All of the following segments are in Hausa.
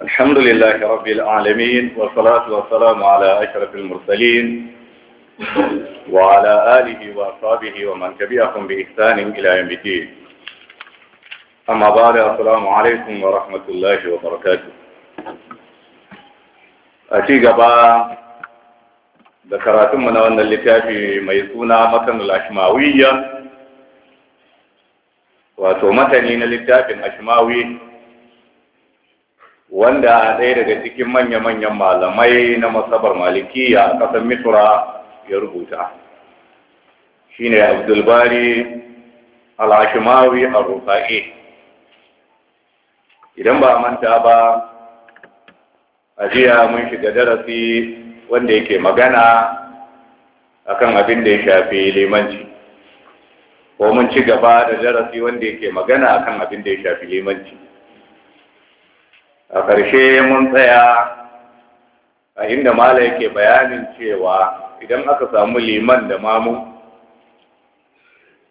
الحمد لله رب العالمين والصلاة والسلام على أشرف المرسلين وعلى آله وأصحابه ومن تبعهم بإحسان إلى يوم الدين أما بعد السلام عليكم ورحمة الله وبركاته أتي قبا da من أن اللي littafi mai suna makanul ashmawiyya wato matani na littafin ashmawi wanda ɗaya daga cikin manya-manyan malamai na masabar maliki a ƙasar misra ya rubuta shine abdulbari al a rufae idan ba manta ba a jiya mun shiga darasi wanda yake magana akan abin da ya shafi limanci ko mun ci gaba da darasi wanda yake magana akan abin da ya shafi limanci a ƙarshe mun tsaya a inda mala yake bayanin cewa idan aka samu liman da mamu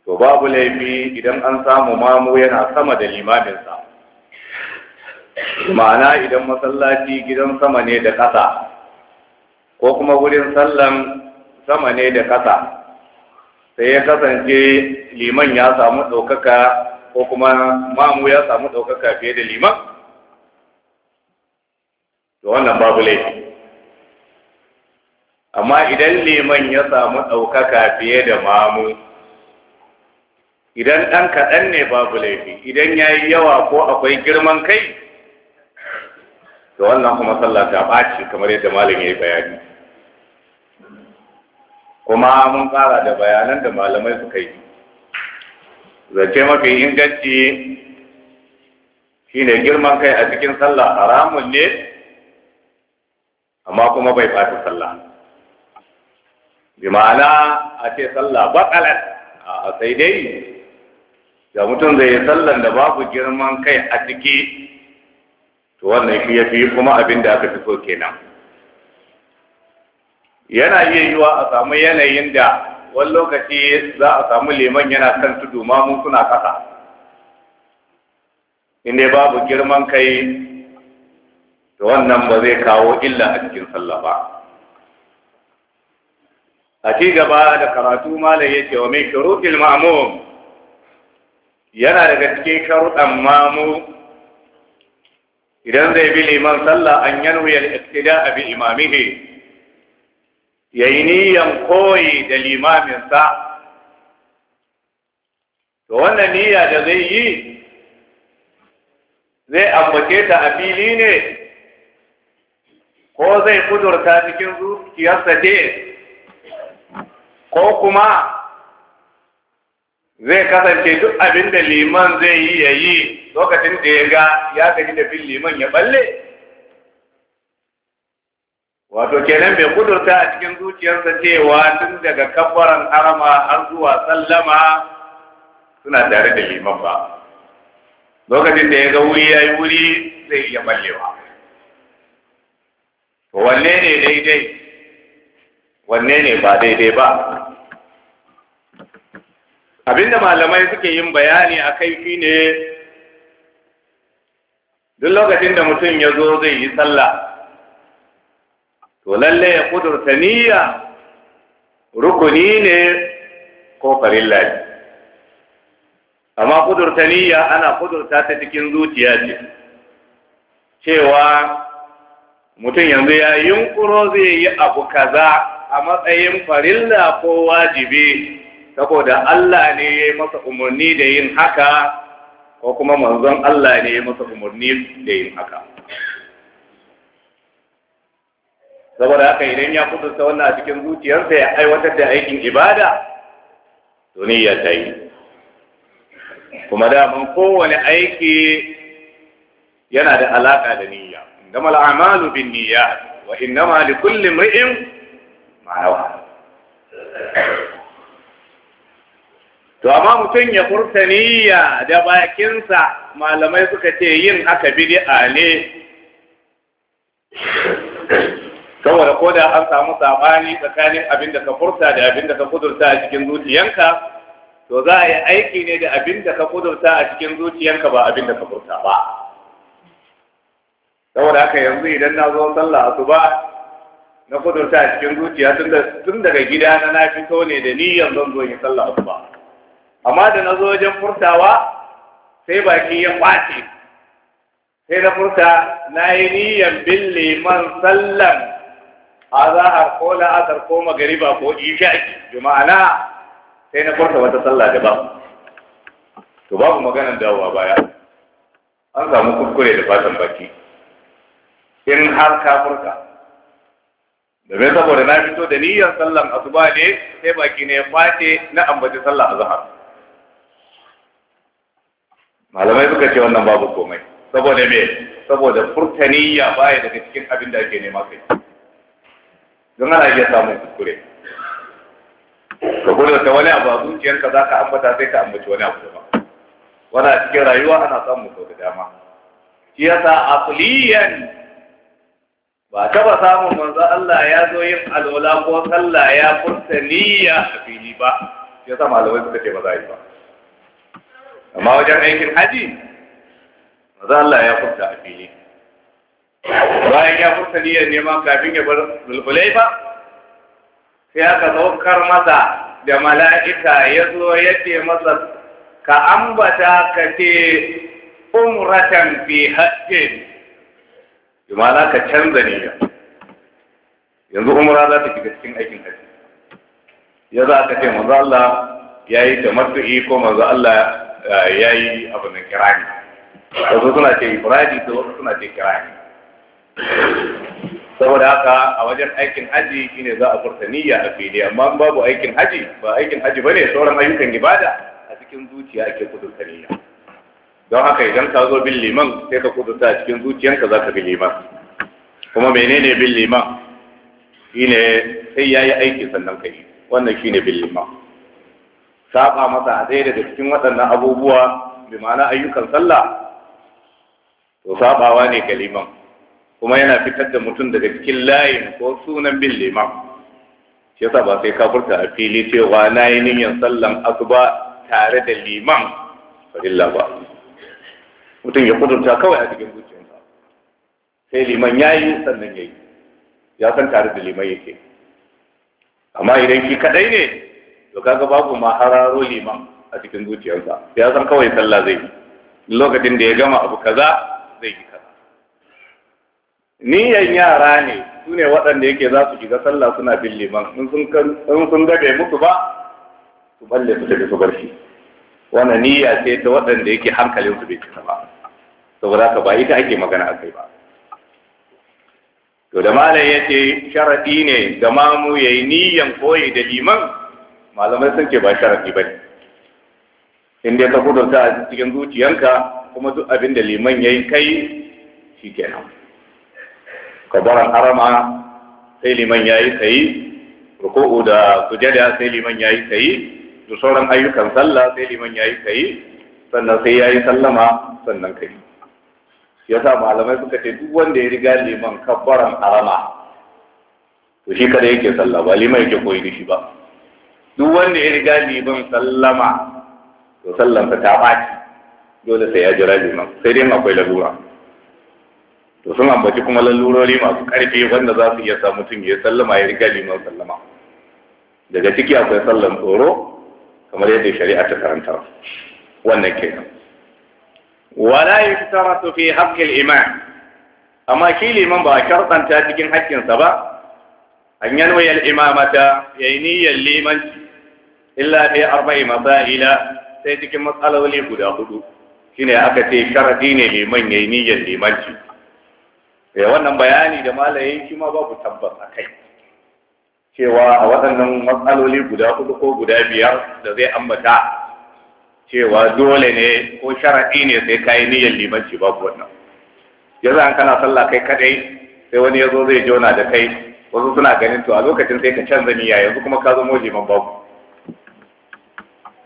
to babu laifi idan an samu mamu yana sama da limaminsa ma'ana idan masallaci gidan sama ne da ƙasa ko kuma wurin sallan sama ne da ƙasa sai ya kasance liman ya samu ɗaukaka ko kuma mamu ya samu ɗaukaka fiye da liman da wannan babu laifi amma idan liman ya samu ɗaukaka fiye da mamu idan ɗan kaɗan ne babu laifi idan ya yi yawa ko akwai girman kai da wannan kuma sallah ta ɓaci kamar yadda malam ya yi bayani kuma mun fara da bayanan da malamai suka yi zance mafi inganci shine girman kai a cikin sallah haramun ne amma kuma bai fata sallah bi ma'ana a ce sallah bakalat a sai dai da mutum zai yi sallan da babu girman kai a ciki to wannan shi ya fi kuma abin da aka fi so kenan yana iya yiwa a samu yanayin da wani lokaci za a samu liman yana kan tudu mamu suna kasa inda babu girman kai da wannan ba zai kawo illa a cikin sallah ba a ci gaba da karatu malam yake wa mai shuruɗin ma'amum yana daga cikin sharuɗan mamu idan zai bi liman sallah an yanwuyar iktida a bi imamihi ya yi koyi da limaminsa to wannan niyya da zai yi zai ambace ta a fili ne ko zai kudurta cikin zuciyarsa ce ko kuma zai kasance duk abin da liman zai yi ya yi lokacin da ya ga ya gani da bin liman ya balle wato kenan bai kudurta a cikin zuciyarsa cewa tun daga kabbaran harama har zuwa sallama suna tare da liman ba lokacin da ya ga wuri ya yi wuri zai iya ballewa wanne ne daidai wanne ne ba daidai ba abinda malamai suke yin bayani a kai shi ne duk lokacin da mutum ya zo zai yi sallah to lalle ya kudurta niyya rukuni ne ko farin amma kudurta niyya ana kudurta ta cikin zuciya ce cewa mutum yanzu ya yunkuro zai yi abu kaza a matsayin farilla ko wajibi saboda Allah ne ya yi masa umarni da yin haka ko kuma manzon Allah ne ya yi masa umarni da yin haka saboda haka idan ya sa wannan a cikin zuciyarsa ya aiwatar da aikin ibada to ya ta yi kuma mun kowane aiki yana da alaka da niyya innamal a'malu bin niyya wa innama li kulli mri'in ma yawa to amma mutum ya furta niyya da bakinsa malamai suka ce yin haka bid'a ne saboda ko da an samu sabani tsakanin abin da ka furta da abin da ka kudurta a cikin zuciyanka to za a yi aiki ne da abin da ka kudurta a cikin zuciyanka ba abin da ka furta ba saboda haka yanzu idan na zo sallah asuba na kudurta a cikin zuciya tun daga gida na na fito ne da niyyar zan zo yin sallah asuba amma da na zo wajen furtawa sai baki ya kwace sai na furta na yi niyyar bin man sallan A azahar ko la'asar ko magariba ko isha'i juma'ana sai na furta wata sallah da ba to babu maganar dawowa baya an samu kuskure da fatan baki in har ka furta domin saboda na fito da niyyar sallan asuba ne sai baki ne ya na ambaci sallah azhar malamai suka ce wannan babu komai saboda me saboda furta niyya baya daga cikin abin da ake nema kai don ana iya samun kuskure ka da wani abu a zuciyarka za ka ambata sai ka ambaci wani abu daban wani a cikin rayuwa ana samun sau da dama shi yasa asliyan ba taba samun manzo Allah ya zo yin alwala ko sallah ya furta niyya a fili ba shi sa malamai suka ce ba za yi ba amma wajen aikin haji manzo Allah ya furta a fili bayan ya furta niyyar neman kafin ya bar ba, sai aka saukar masa da mala'ika ya zo ya ce masa ka ambata ka ce umratan fi hajjin imana ka canza niyya yanzu umra za ta shiga cikin aikin hajji ya za ka ce manzo Allah ya yi tamattu'i ko manzo Allah eh, ya yi abu abin kirani wasu suna ce ifradi da wasu suna ce kirani saboda haka a wajen aikin haji shine za a furta niyya a fili amma babu aikin haji ba aikin haji bane sauran ayyukan ibada a cikin zuciya ake kudurta niyya don haka idan ka zo bin liman sai ka kudurta a cikin zuciyanka za ka bi liman kuma menene bin liman shine sai ya yi aiki sannan ka yi wannan shine bin liman saba masa a ɗaya daga cikin waɗannan abubuwa bi ma'ana ayyukan sallah to sabawa ne ga liman kuma yana fitar da mutum daga cikin layin ko sunan bin liman shi yasa ba sai ka furta a fili cewa na yi niyyar sallan asuba tare da liman farilla ba mutum ya kudurta kawai a cikin zuciyarsa sai liman ya yi sannan ya yi ya san tare da liman yake amma idan ki kadai ne to kaga babu ma hararo liman a cikin zuciyarsa ya san kawai sallah zai yi lokacin da ya gama abu kaza zai yi kaza niyan yara ne su ne waɗanda yake za su shiga sallah suna bin liman in sun bai musu ba su balle su tafi su bar shi wannan niyya ce ta waɗanda yake hankalin su bai cika ba saboda ka ba ita ake magana a kai ba to da malam ya ce sharaɗi ne ga mamu ya yi niyyan koyi da liman malamai sun ce ba sharaɗi ba ne in dai ka kudurta a cikin zuciyanka kuma duk abin da liman ya yi kai shi kenan kabaran arama, sai liman ya yi sayi ruku'u da sujada sai liman ya yi sayi da sauran ayyukan sallah sai liman ya yi sayi sannan sai ya yi sallama sannan kai ya sa malamai suka ce duk wanda ya riga liman kabaran arama? to shi kada yake sallah ba liman yake koyi da shi ba duk wanda ya riga liman sallama to sallansa ta ɓaci dole sai ya jira liman sai dai akwai lalura to sun ambaci kuma lalurori masu ƙarfi wanda za su iya sa mutum ya sallama ya riga liman sallama daga ciki akwai sallan tsoro kamar yadda shari'a ta karanta wannan kenan wala yuftaratu fi haqqil imam amma shi liman ba a sharɗanta cikin haƙƙinsa ba an yanwaya al-imamata yayi niyyar limanci illa bi arba'i masaila sai cikin matsaloli guda hudu shine aka ce sharadi ne liman yayi niyyar limanci ya eh, wannan bayani da malaye shi ma babu tabbas a kai cewa a waɗannan matsaloli guda hudu ko guda biyar da zai ambata cewa dole ne ko sharaɗi ne sai kayi niyyar limanci babu wannan yanzu an kana sallah kai kadai sai wani yazo zai jona da kai wasu suna ganin to a lokacin sai ka canza niyya yanzu kuma ka zama liman babu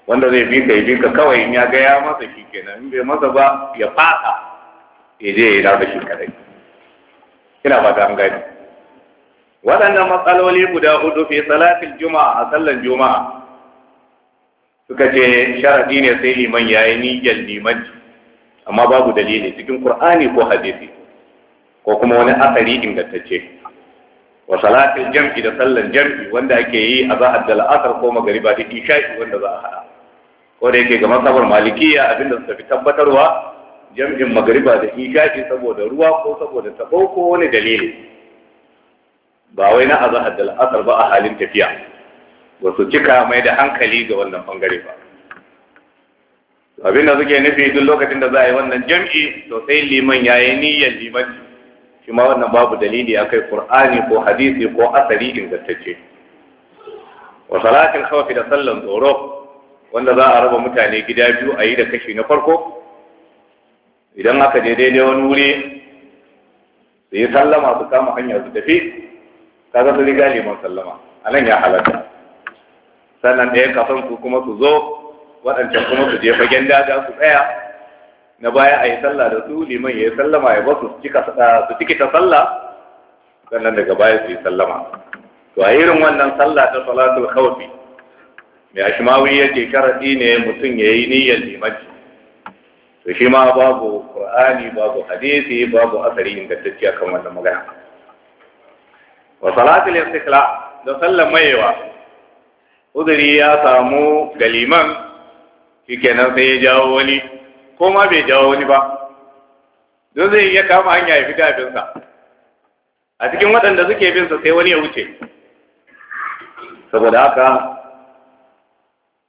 wanda zai bi ka bi ka kawai in ya ga ya masa shi kenan in bai masa ba ya fasa ya je ya yi da shi kadai ina ba ta gani waɗannan matsaloli guda hudu fi salatin juma'a a sallan juma'a suka ce sharadi ne sai liman yi niyyar limanci amma babu dalili cikin qur'ani ko hadisi ko kuma wani asari ingantacce wa salatin jam'i da sallan jam'i wanda ake yi a zahar da la'asar ko magariba da isha'i wanda za a haɗa. ko da yake ga masabar malikiya abinda suka fi tabbatarwa jam'in magariba da isha'i saboda ruwa ko saboda tabo ko wani dalili ba wai na azan da la'asar ba a halin tafiya ba su cika mai da hankali ga wannan bangare ba abin da suke nufi duk lokacin da za a yi wannan jam'i to sai liman ya yi niyyar liman shi ma wannan babu dalili akai qur'ani ko hadisi ko asali ingantacce wa salatin khawfi da sallan tsoro wanda za a raba mutane gida biyu a yi da kashi na farko idan aka je daidai wani wuri su yi sallama su kama hanyar su tafi ka ga riga liman sallama a nan ya halatta sannan ɗaya kasan su kuma su zo waɗancan kuma su je fagen daga su tsaya na baya a yi sallah da su liman ya yi sallama ya basu ah, su cikita sallah sannan daga baya su yi sallama to a irin wannan sallah ta salatul khawfi mai ashmawi yake sharadi ne mutum ya yi niyyar limanci to shi ma babu qur'ani babu hadisi babu asari ingantacciya kan wannan magana wa salatul istikla da sallar mayewa uzuri ya samu galiman kenan sai ya jawo wani ko ma bai jawo wani ba don zai iya kama hanya ya fita abinsa a cikin waɗanda suke binsa sai wani ya wuce saboda haka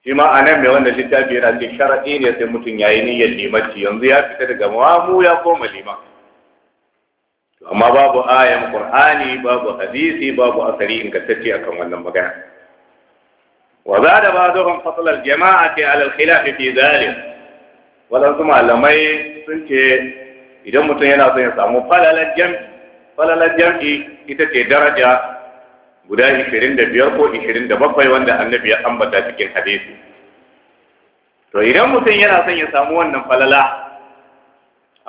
shi anan mai wannan littafi yana cikin sharaɗi ne sai mutum yayi niyyar limanci yanzu ya fita daga mu ya koma liman amma babu ayan qur'ani babu hadisi babu asari in ingantacce akan wannan magana wa za da ba'dhum fasl al-jama'ati 'ala al-khilaf fi zalim dhalik kuma malamai sun ce idan mutum yana son ya samu falalan jam'i falalan jam'i ita ce daraja guda 25 ko 27 wanda annabi ya ambata cikin hadisi to idan mutum yana son ya samu wannan falala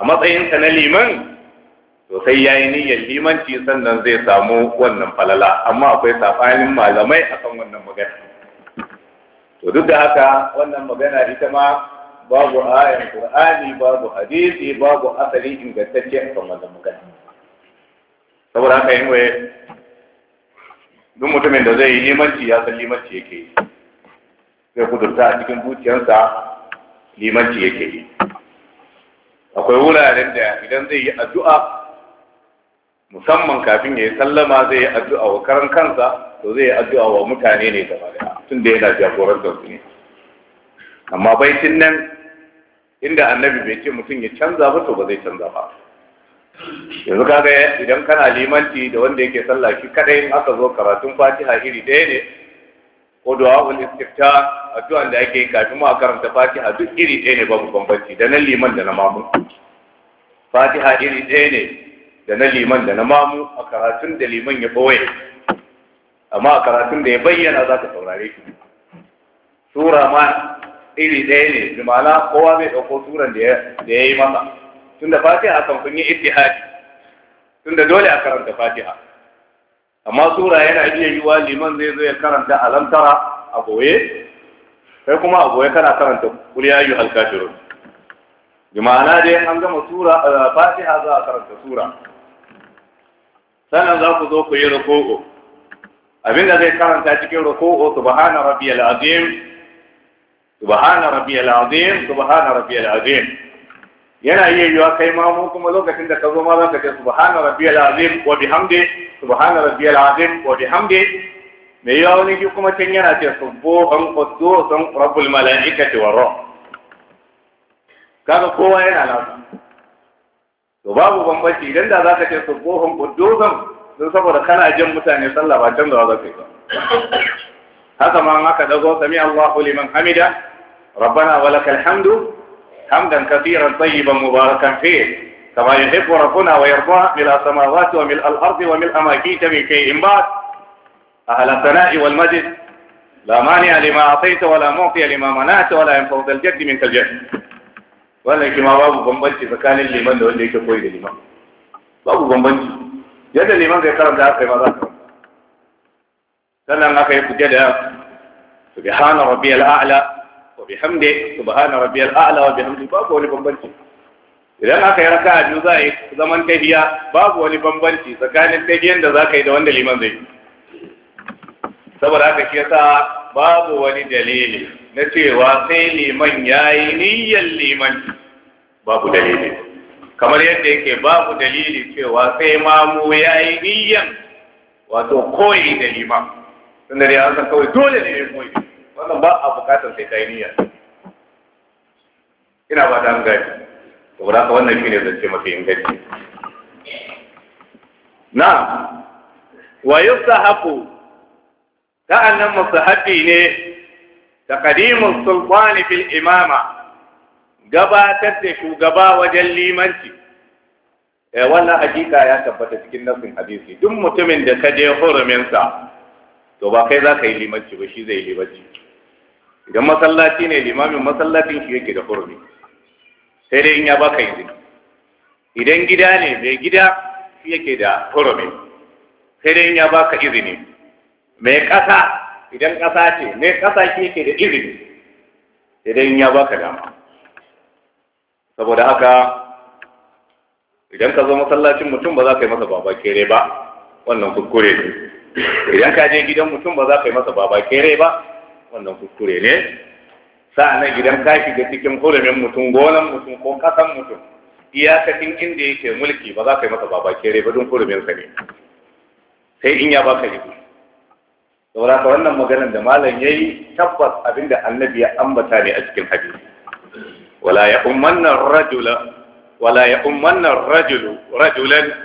a matsayinsa na liman to sai ya yi niyyar limanci sannan zai samu wannan falala amma akwai safanin malamai akan wannan magana to duk da haka wannan magana ita ma babu ayan qur'ani babu hadisi babu asali ingantacce akan wannan magana saboda haka yin duk mutumin da zai yi limanci ya san limanci yake yi zai kudurta a cikin zuciyarsa limanci yake yi akwai wuraren da idan zai yi addu'a musamman kafin ya yi sallama zai yi addu'a wa karan kansa to zai yi addu'a wa mutane ne gaba daya tun da yana jagorantar su ne amma baitin nan inda annabi bai ce mutum ya canza ba to ba zai canza ba yanzu kaga idan kana limanci da wanda yake sallah shi kadai in aka zo karatun fatiha iri ɗaya ne ko ul istifta addu'a da ake kafin a karanta fatiha duk iri ɗaya ne babu bambanci da na liman da na mamu fatiha iri ɗaya ne da na liman da na mamu a karatun da liman ya boye amma a karatun da ya bayyana za ka saurare shi sura ma iri ɗaya ne jimala kowa bai ɗauko suran da ya yi masa tunda fatiha kan kun yi ittihadi tunda dole a karanta fatiha amma sura yana iya yi wa liman zai zo ya karanta alamtara a boye sai kuma a boye kana karanta kul ya ayyuhal kafirun bi ma'ana dai an gama sura fatiha za a karanta sura sannan za ku zo ku yi ruku'u abinda zai karanta cikin ruku'u subhana rabbiyal azim subhana rabbiyal azim subhana rabbiyal azim yana iya yiwa kai ma mu kuma lokacin da ka zo ma za ka ce subhana rabbiyal azim wa bihamdi subhana rabbiyal azim wa bihamdi me yiwuwa wani shi kuma can yana ce subbuhan quddusun rabbul malaikati war ruh kaga kowa yana lafa, to babu bambanci idan da ka ce subbuhan quddusun don saboda kana jin mutane sallah ba can da za ka yi haka ma aka dago sami Allahu liman hamida rabbana walakal hamdu حمدا كثيرا طيبا مباركا فيه كما يحب ربنا ويرضى ملء السماوات وملء الارض وملء ما جئت من شيء بعد اهل الثناء والمجد لا مانع لما اعطيت ولا معطي لما منعت ولا ينفع ذا الجد منك الجد ولا كما باب بمبنجي فكان اللي من اللي يشوفه اللي من باب بمبنجي جد اللي من يقرا ذا في مرات سلم ما في سبحان ربي الاعلى bihamdi subhana rabbiyal a'la wa bihamdi babu wani bambanci idan aka yi raka'a biyu za a yi zaman tahiya babu wani bambanci tsakanin tahiyan da za ka yi da wanda liman zai saboda haka shi yasa babu wani dalili na cewa sai liman yayi niyyar liman babu dalili kamar yadda yake babu dalili cewa sai mamu yayi niyyan wato koyi da liman tunda dai an san kawai dole ne koyi wannan ba a bukatar sai yi niyya ina ba da gani ba ka wannan shine zance mafi inganci na wa yusahabu masu musahabi ne taqdimu sultani fil imama gabatar da shugaba wajen limanci eh wannan hakika ya tabbata cikin nasin hadisi duk mutumin da ka je hurumin sa to ba kai za ka yi limanci ba shi zai yi limanci idan masallaci ne limamin masallacin shi yake da hurmi sai dai in ya baka izini idan gida ne mai gida shi yake da hurmi sai dai in ya baka izini mai ƙasa idan ƙasa ce mai ƙasa shi yake da izini sai dai in ya baka dama saboda haka idan ka zo masallacin mutum ba za ka yi masa baba kere ba wannan kuskure ne idan ka je gidan mutum ba za ka yi masa baba kere ba wannan kuskure ne sa'annan gidan ka shiga cikin hurumin mutum gonan mutum ko kasan mutum iyakacin inda yake mulki ba za ka yi masa baba kere ba don hurumin ne sai in ya baka ribu saboda ka wannan maganar da malam ya yi tabbas abinda annabi ya ambata ne a cikin hadisi wala ya ummanna rajula wala ya ummanna rajulu rajulan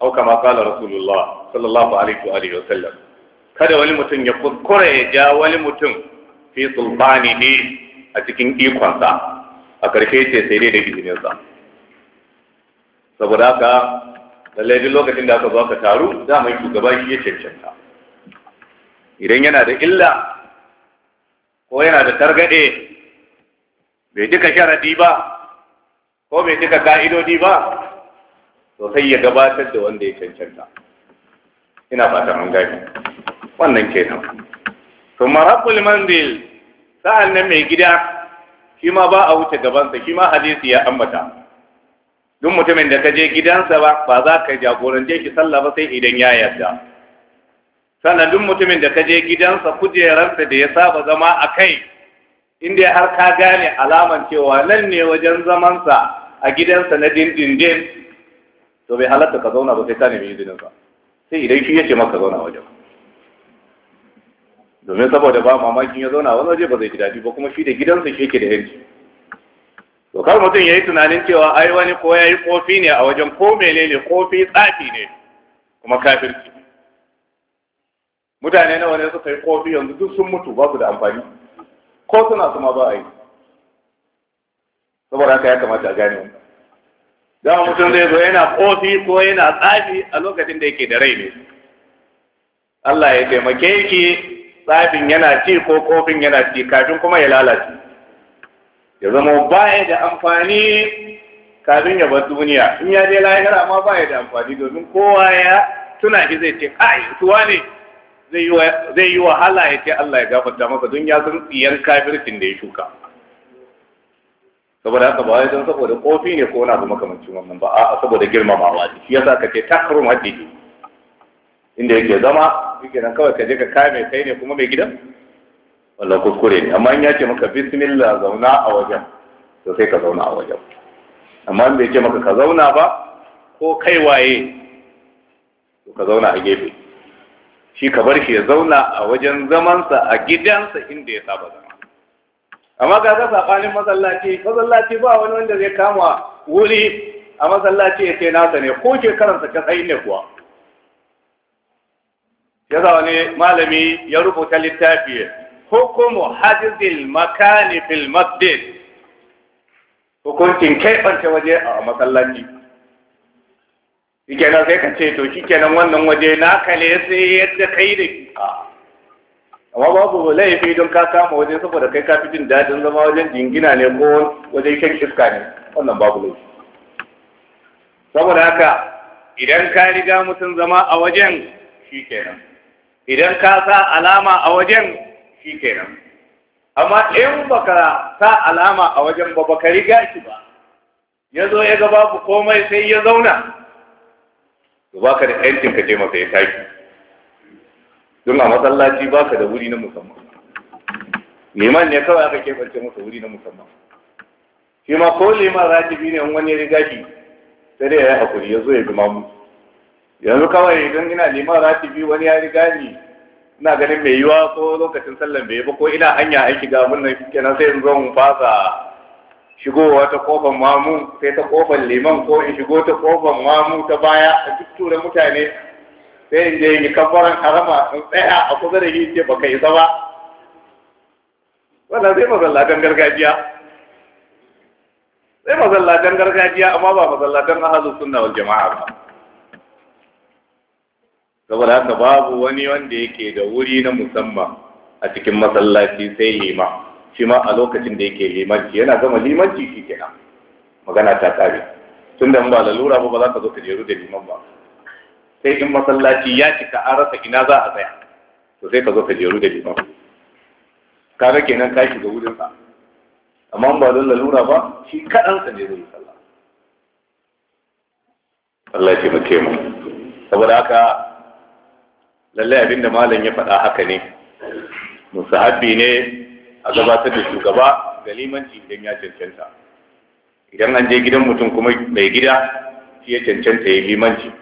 aw kama qala rasulullah sallallahu alaihi wa alihi wa sallam kada wani mutum ya kuskura ya ja wani mutum fi ne a cikin ikonsa a ƙarshe ce sai dai da izininsa saboda haka lallai duk lokacin da aka zo aka taru za yi shugaba shi ya cancanta idan yana da illa ko yana da targaɗe bai duka sharadi ba ko bai duka ka'idodi ba sosai ya gabatar da wanda ya cancanta ina fatan an gani wannan kenan to rabbul manzil sa'an nan mai gida shi ma ba a wuce gabansa shi ma hadisi ya ambata duk mutumin da ka je gidansa ba ba za ka jagorance shi sallah ba sai idan ya yarda sannan duk mutumin da ka je gidansa kujerarsa da ya saba zama a kai inda har ka gane alaman cewa nan ne wajen zamansa a gidansa na dindindin to bai halatta ka zauna ba sai ka nemi izininsa sai idan shi ya ce maka zauna wajen domin saboda ba mamakin ya zauna wani waje ba zai ji daɗi ba kuma shi da gidansa shi yake da yanci to kar mutum ya yi tunanin cewa ai wani ko ya yi kofi ne a wajen ko menene kofi tsafi ne kuma kafirci mutane nawa ne suka yi kofi yanzu duk sun mutu ba su da amfani ko suna su ma ba a yi saboda haka ya kamata a gane wannan dama mutum zai zo yana kofi ko yana tsafi a lokacin da yake da rai ne Allah ya taimake ki tsabin yana ci ko kofin yana ci kafin kuma ya lalace ya zama baya da amfani kafin ya bar duniya in ya je lahira ma baya da amfani domin kowa ya tuna shi zai ce ai tuwa ne zai yi wahala ya ce Allah ya gafarta masa don ya san tsiyan kafircin da ya shuka saboda haka ba wai don saboda kofi ne ko wani abu makamancin wannan ba a saboda girmamawa ne shi yasa ce takrum haddihi inda yake zama kenan kawai ka je ka kame kai ne kuma mai gidan wallan kuskure ne amma in ya ce maka bismillah zauna a wajen to sai ka zauna a wajen amma in bai ce maka ka zauna ba ko kai waye to ka zauna a gefe shi ka bar shi ya zauna a wajen zamansa a gidansa inda ya saba zama amma ga ga sabanin masallaci masallaci ba wani wanda zai kama wuri a masallaci ya ce nasa ne ko shekaransa ta tsayi ne kuwa ya zaune malami ya rubuta littafi hukumu hajjizil makani fil masjid hukuncin keɓance waje a masallaci nan sai ka ce to nan wannan waje na kale sai yadda kai da ki amma babu laifi don ka kama waje saboda kai ka fi jin dadin zama wajen jingina ne ko wajen shan iska ne wannan babu laifi saboda haka idan ka riga mutum zama a wajen kenan. idan ka sa alama a wajen shi kenan amma in baka sa alama a wajen ba baka riga shi ba ya zo ya ga babu komai sai ya zauna to baka da yancin ka je masa ya tashi don a masallaci baka da wuri na musamman liman ne kawai aka keɓance masa wuri na musamman shi ma ko liman rajibi ne in wani ya riga shi sai dai ya yi hakuri ya zo ya bi mamu yanzu kawai idan ina liman ratibi wani ya riga ni ina ganin mai yiwa ko lokacin sallan bai ba ko ina hanya an shiga mun nan kenan sai in zo mu fasa shigowa ta kofar mamu sai ta kofar liman ko in shigo ta kofar mamu ta baya a duk mutane sai in je yi kafaran harama in tsaya a kusa da yi ce baka isa ba wannan zai masallatan gargajiya sai masallatan gargajiya amma ba masallatan ahalus sunna wal jama'a ba saboda haka babu wani wanda yake da wuri na musamman a cikin masallaci sai lima shi ma a lokacin da yake limanci yana gama limanci shi kenan magana ta kare tun da ba lalura ba ba za ka zo ka jeru da liman ba sai in masallaci ya cika an rasa ina za a tsaya to sai ka zo ka jeru da liman Ka ga kenan ka shiga wurin sa amma ba don lalura ba shi kaɗan sa ne zai sallah Allah ya taimake mu saboda haka lallai abinda malam ya faɗa haka ne musahabi ne a gabatar da shugaba ga limanci idan ya cancanta idan an je gidan mutum kuma mai gida shi ya cancanta ya limanci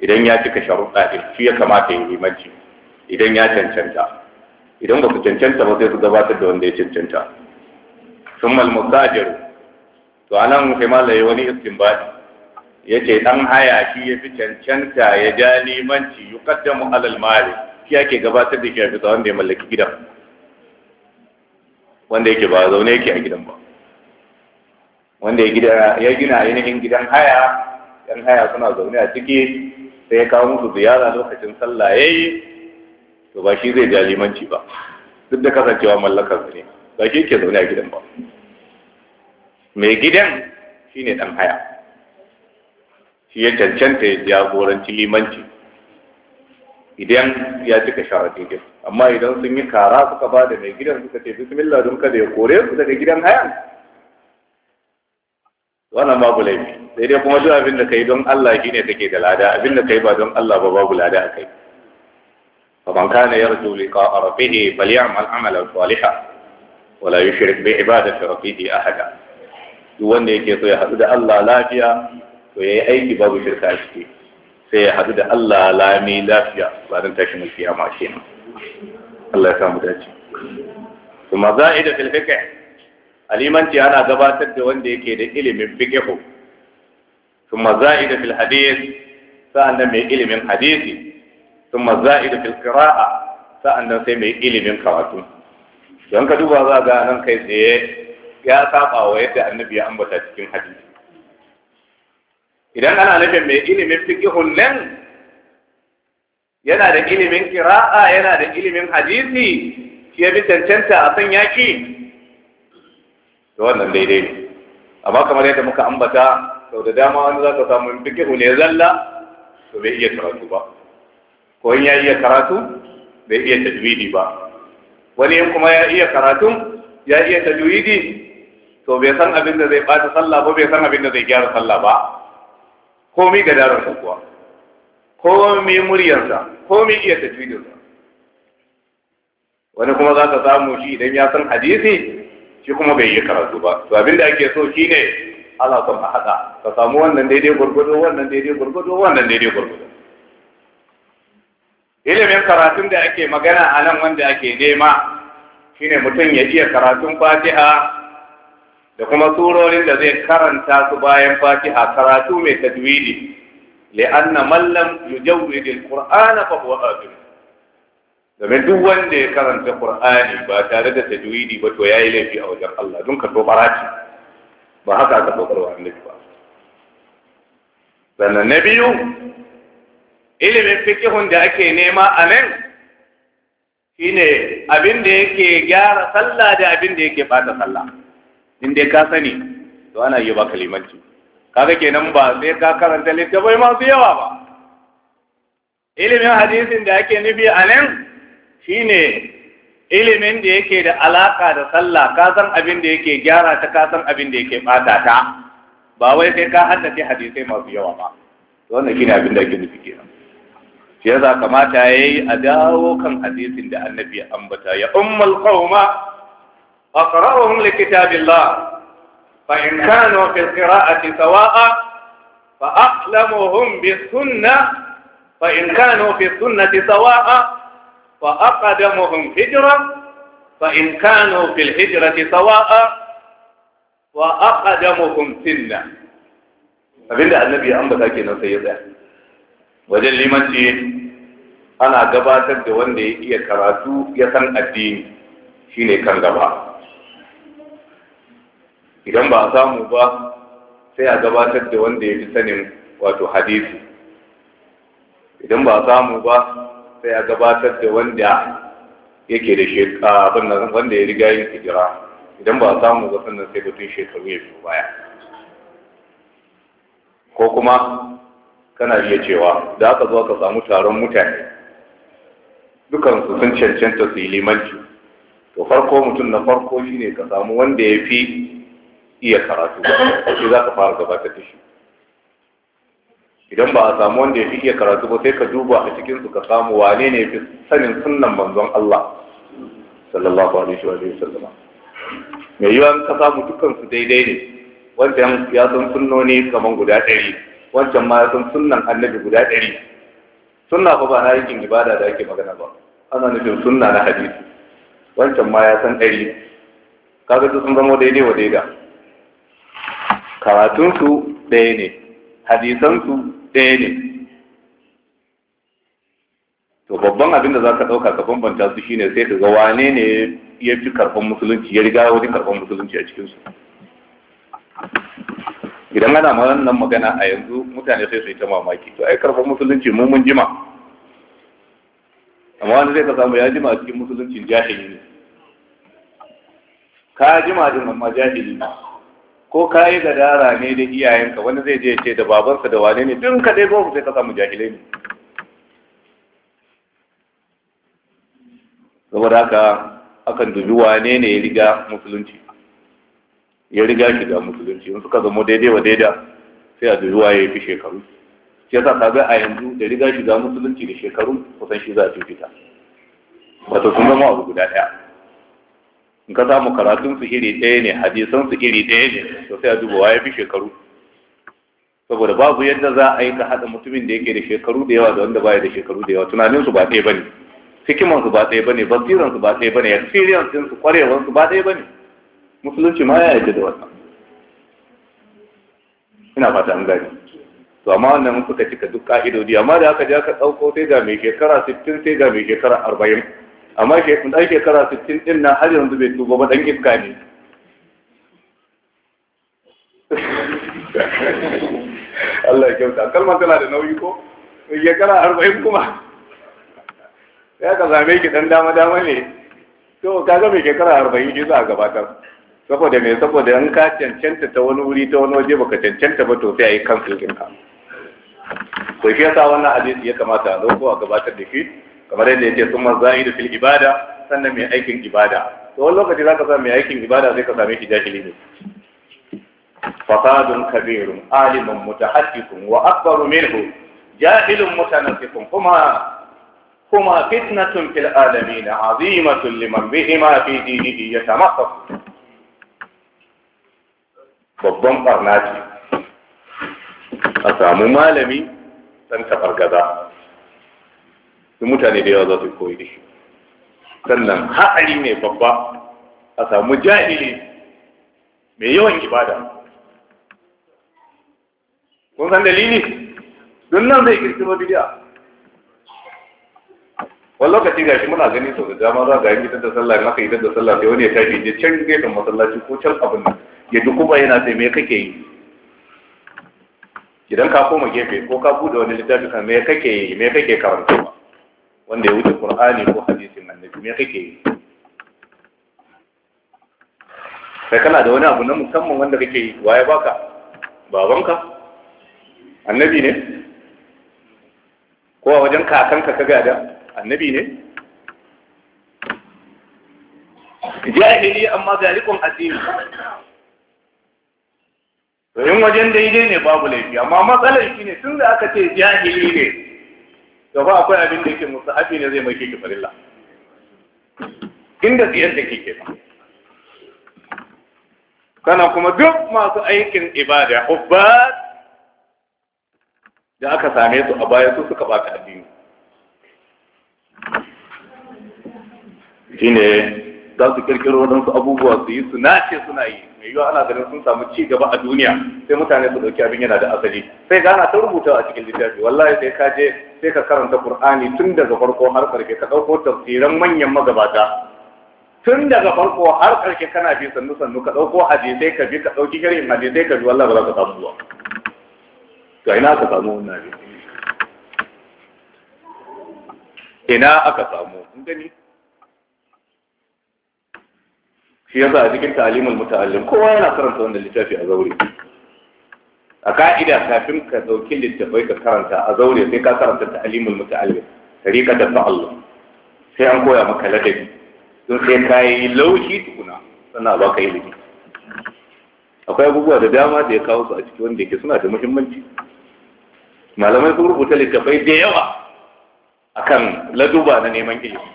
idan ya cika sharuɗa ɗin shi ya kamata ya limanci idan ya cancanta idan ba su cancanta ba sai su gabatar da wanda ya cancanta sun jaru to anan sai malaye wani istinbadi ya ce ɗan haya shi ya fi cancanta ya ja limanci yi kaddamu alal mali shi ake gabatar da shi a fita wanda ya mallaki gidan wanda yake ba zaune yake a gidan ba wanda ya gina ainihin gidan haya ɗan haya suna zaune a ciki sai ya kawo musu ziyara lokacin sallah ya yi to ba shi zai ja limanci ba duk da kasancewa mallakar ne ba shi ke zaune a gidan ba mai gidan shine ɗan haya shi ya cancanta ya jagoranci limanci idan ya cika sharadin gidan amma idan sun yi kara suka ba da mai gidan suka ce bismillah don kada ya kore su daga gidan hayan wannan babu laifi sai dai kuma duk abin da kai don Allah shi ne take da lada abin da kai ba don Allah ba babu lada a kai فمن كان يرجو لقاء ربه فليعمل عملا صالحا yushrik bi ibadati ربه ahada duk wanda yake so ya haɗu da Allah lafiya to yayi aiki babu shirka a ciki sai ya haɗu da Allah lami lafiya ba zan tashi mulki a mashi nan Allah ya samu dace kuma za'ida da fiqh alimanci ana gabatar da wanda yake da ilimin fiqh kuma da fil sa'an sa'annan mai ilimin hadisi kuma da filkira'a sa'an sa'annan sai mai ilimin karatu don ka duba za ga nan kai tsaye ya saba wa yadda annabi ya ambata cikin hadisi idan ana nufin mai ilimin fikihun nan yana da ilimin kira'a yana da ilimin hadisi shi ya bi cancanta a san yaki da wannan daidai ne amma kamar yadda muka ambata sau da dama wani za ka samu fikihu ne zalla to bai iya karatu ba ko in ya iya karatu bai iya tajwidi ba wani in kuma ya iya karatu ya iya tajwidi to bai san abin da zai ɓata sallah ba bai san abin da zai gyara sallah ba komi ga darar kuwa komi muryarsa komi iya tajwidinsa wani kuma za ka samu shi idan ya san hadisi shi kuma bai yi karatu ba to abin da ake so ne, ala son a haɗa ka samu wannan daidai gwargwado wannan daidai gwargwado wannan daidai gwargwado ilimin karatun da ake magana a nan wanda ake nema shine mutum ya iya karatun fatiha da kuma surorin da zai karanta su bayan a karatu mai tajwidi li'anna man lam yujawwid al-qur'ana fa huwa kafir domin duk wanda ya karanta qur'ani ba tare da tajwidi ba to yayi laifi a wajen Allah dun ka tobara ba haka aka wa annabi ba sannan na biyu ilimin fikihun da ake nema a nan shine abin da yake gyara sallah da abin da yake bata sallah in dai ka sani to ana iya baka limanci kaga kenan ba sai ka karanta littafai masu yawa ba ilimin hadisin da ake nufi a nan shine ilimin da yake da alaka da sallah ka san abin da yake gyara ta ka san abin da yake bata ta ba wai sai ka haddace hadisai masu yawa ba wannan shine abin da ake nufi kenan shi yasa kamata yayi a dawo kan hadisin da annabi ya ambata ya ummul qauma أقرأهم لكتاب الله فإن كانوا في القراءة سواء فأقلمهم بالسنة فإن كانوا في السنة سواء فأقدمهم هجرة فإن كانوا في الهجرة سواء وأقدمهم سنة abinda النبي ya ambata kenan sai ya tsaya wajen limanci ana gabatar da wanda ya الدين شيني كان san idan ba a samu ba sai a gabatar da wanda ya fi sanin wato hadisi idan ba a samu ba sai a gabatar da wanda yake da shekara wanda ya riga yin hijira idan ba a samu ba sannan sai batun shekaru ya fi baya ko kuma kana iya cewa da aka zo ka samu taron mutane dukansu sun cancanta su yi limanci to farko mutum na farko shine ka samu wanda ya fi iya karatu sai za ka fara gaba ta shi idan ba a samu wanda ya fi iya karatu ba sai ka duba a cikin su ka samu wane ne fi sanin sunnan manzon Allah sallallahu alaihi wa sallam mai yiwa ka samu dukkan su daidai ne wancan ya san sunnoni kaman guda ɗari wancan ma ya san sunnan annabi guda ɗari sunna ba ba na yakin ibada da ake magana ba ana nufin sunna na hadisi wancan ma ya san ɗari kaga sun zama daidai wa daidai karatunsu ɗaya ne hadisansu ɗaya ne to babban abin da za ka ɗauka ka bambanta su shine sai ka ga wane ne ya fi karɓar musulunci ya riga wajen karɓar musulunci a cikinsu idan ana wannan magana a yanzu mutane sai su yi ta mamaki to ai karɓar musulunci mu mun jima amma wani zai ka samu ya jima a cikin musuluncin jahili ne ka jima din amma jahili ne ko ka yi dara ne da iyayenka wani zai je ce da babansa da wane ne duk ka dai ba sai ka samu jahilai ne saboda haka akan dubi wane ne ya riga musulunci ya riga shiga musulunci in suka zama daidai wa daida sai a dubi waye ya fi shekaru shi yasa ka ga a yanzu da riga shiga musulunci da shekaru kusan shi za a fita wato sun zama abu guda ɗaya in ka samu karatun su iri ɗaya ne hadisan su iri ɗaya ne to sai a duba waye fi shekaru saboda babu yadda za a yi ka haɗa mutumin da yake da shekaru da yawa da wanda baya da shekaru da yawa tunanin su ba ɗaya bane hikiman su ba ɗaya bane basiran su ba ɗaya bane experience din su kwarewan su ba ɗaya bane musulunci ma ya yarda da wannan ina fata an gani to amma wannan mun suka cika duk ka'idodi amma da aka je aka ɗauko sai ga mai shekara 60 sai ga mai shekara 40 amma ke dan shekara 60 din nan har yanzu bai tuba ba dan iska ne Allah ya kyauta kalma tana da nauyi ko shekara 40 kuma ya ka zame ki dan dama dama ne to kaga mai shekara 40 ji za a gabatar saboda me saboda in ka cancanta ta wani wuri ta wani waje baka cancanta ba to sai a yi kansu ɗinka Ko shi yasa wannan hadisi ya kamata a zo ko a gabatar da shi kamar yadda yake sun mazaidu fil ibada sannan mai aikin ibada to wani lokaci zaka sa mai aikin ibada zai ka same shi jahili ne fasadun kabirun alimun mutahaddisun wa akbaru minhu jahilun mutanaffifun kuma kuma fitnatun fil alamin azimatun liman bihima fi dinihi yatamassaku babban barna a samu malami dan tabargaza duk mutane da yawa za su koyi da shi sannan ha'ari ne babba a samu jahili mai yawan ibada kun san dalili don nan zai kirkiro bidiya wani lokaci ga shi muna gani sau da dama za ga yin gidan da sallah in aka yi da sallah sai wani ya tafi je can gefen masallaci ko can abin nan ya ji kuma yana sai me kake yi idan ka koma gefe ko ka bude wani littafi kan me kake yi me kake karantawa wanda ya wuce qur'ani ko hadisin annabi me kake yi kai kana da wani abu na musamman wanda kake yi waye baka babanka annabi ne ko a wajen kakanka ka gada annabi ne jahili amma ga rikon addini in wajen daidai ne babu laifi amma matsalar shi ne tun da aka ce jahili ne gaba akwai abin da yake haɗi ne zai mai kike farilla inda tsiyar da keke ba kana kuma duk masu aikin ibada ubbat da aka same su a baya su suka baka addini shine za su kirkiro wadansu abubuwa su yi su nace suna yi mai yiwuwa ana ganin sun samu ci gaba a duniya sai mutane su dauki abin yana da asali sai gana ta rubuta a cikin littafi wallahi sai ka je sai ka karanta qur'ani tun daga farko har karke ka dauko tafsiran manyan magabata tun daga farko har karke kana bi sannu sannu ka dauko hadisai ka bi ka dauki sharhin hadisai ka bi wallahi ba za ka samu zuwa to ina ka samu wannan abin ina aka samu kun gani shi yasa a cikin ta'alimul muta'allim kowa yana karanta wannan littafi a zaure a ka'ida kafin ka dauki littafai ka karanta a zaure sai ka karanta ta'alimul muta'allim tariqa da ta'allum sai an koya maka ladabi don sai ka yi laushi tukuna sannan ba ka ilimi akwai abubuwa da dama da ya kawo su a cikin wanda yake suna da muhimmanci malamai sun rubuta littafai da yawa akan laduba na neman ilimi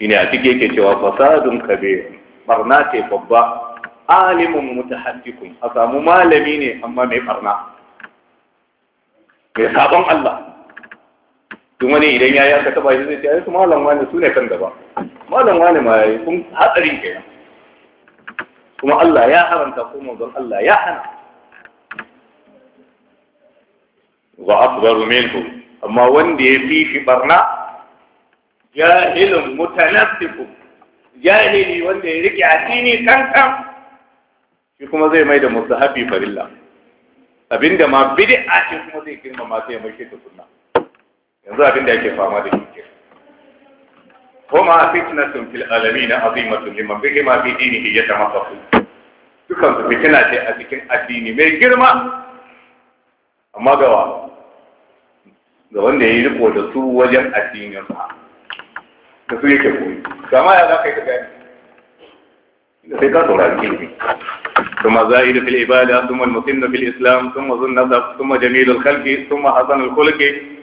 shine a cikin yake cewa fasadun kabir barna ce babba alimun mutahaddiqun a samu malami ne amma mai barna mai sabon Allah duk wani idan yayi aka taba shi zai ce ai su malam wani su ne kan gaba malam wani ma yayi kun hatsarin kenan kuma Allah ya haramta ko manzon Allah ya hana wa akbaru minhu amma wanda ya fi shi barna jahilun mutanassifu jahili wanda ya rike addini kankan shi kuma zai mai da musahabi farilla abinda ma a shi kuma zai girma ma sai mai shi da yanzu abinda yake fama da shi ke huma fitnatun fil alamin azimatun liman ma fi dinihi ta masa su fitina ce a cikin addini mai girma amma gawa ga wanda ya yi riko da su wajen addininsa yake koyi kama ya za ka yi gani sai ka saurari ثم زائد في العبادة ثم المتن في الإسلام ثم ذو النسب ثم جميل الخلق ثم حسن الخلق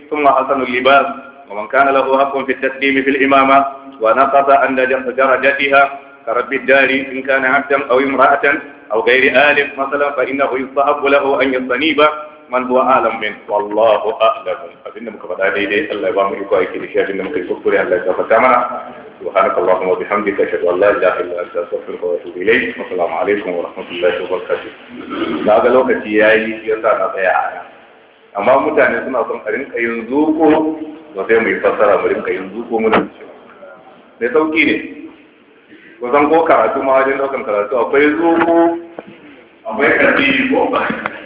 ثم حسن اللباس ومن كان له حق في التسليم في الإمامة ونقص عند درجتها كرب الدار إن كان عبدا أو امرأة أو غير آلف مثلا فإنه يصحب له أن يستنيب man huwa alam min wallahu a'lam abinda muka faɗa daidai Allah ya ba mu iko aiki da shi abinda muka yi kuskure Allah ya gafarta mana subhanaka allahumma wa bihamdika ashhadu an la ilaha illa anta astaghfiruka wa atubu ilayk assalamu alaikum wa rahmatullahi wa barakatuh daga lokaci yayi yasa na tsaya a amma mutane suna son a rinka yin zuko ba sai mu yi fassara mu rinka yin zuko mu da cewa da sauki ne kusan ko karatu ma wajen daukan karatu akwai zuko akwai karfi ko ba